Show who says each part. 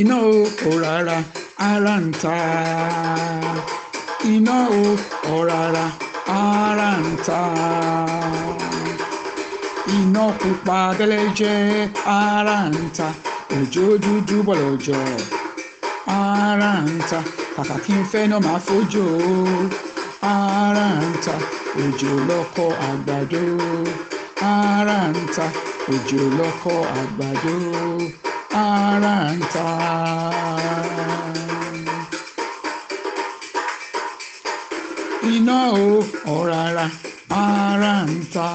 Speaker 1: iná o ọ̀ràrà ara ń ta iná o ọ̀ràrà ara ń ta iná pupa abẹ́lẹ́ jẹ́ ara ń ta òjò dúdú bọ̀lọ̀ jọ ara ń ta kàkà kí n fẹ́ náà máa fojú ara ń ta òjò lọ́kọ àgbàdo ara ń ta òjò lọ́kọ àgbàdo ara ń ta.
Speaker 2: iná o ọ̀ràrà ara
Speaker 3: ń ta.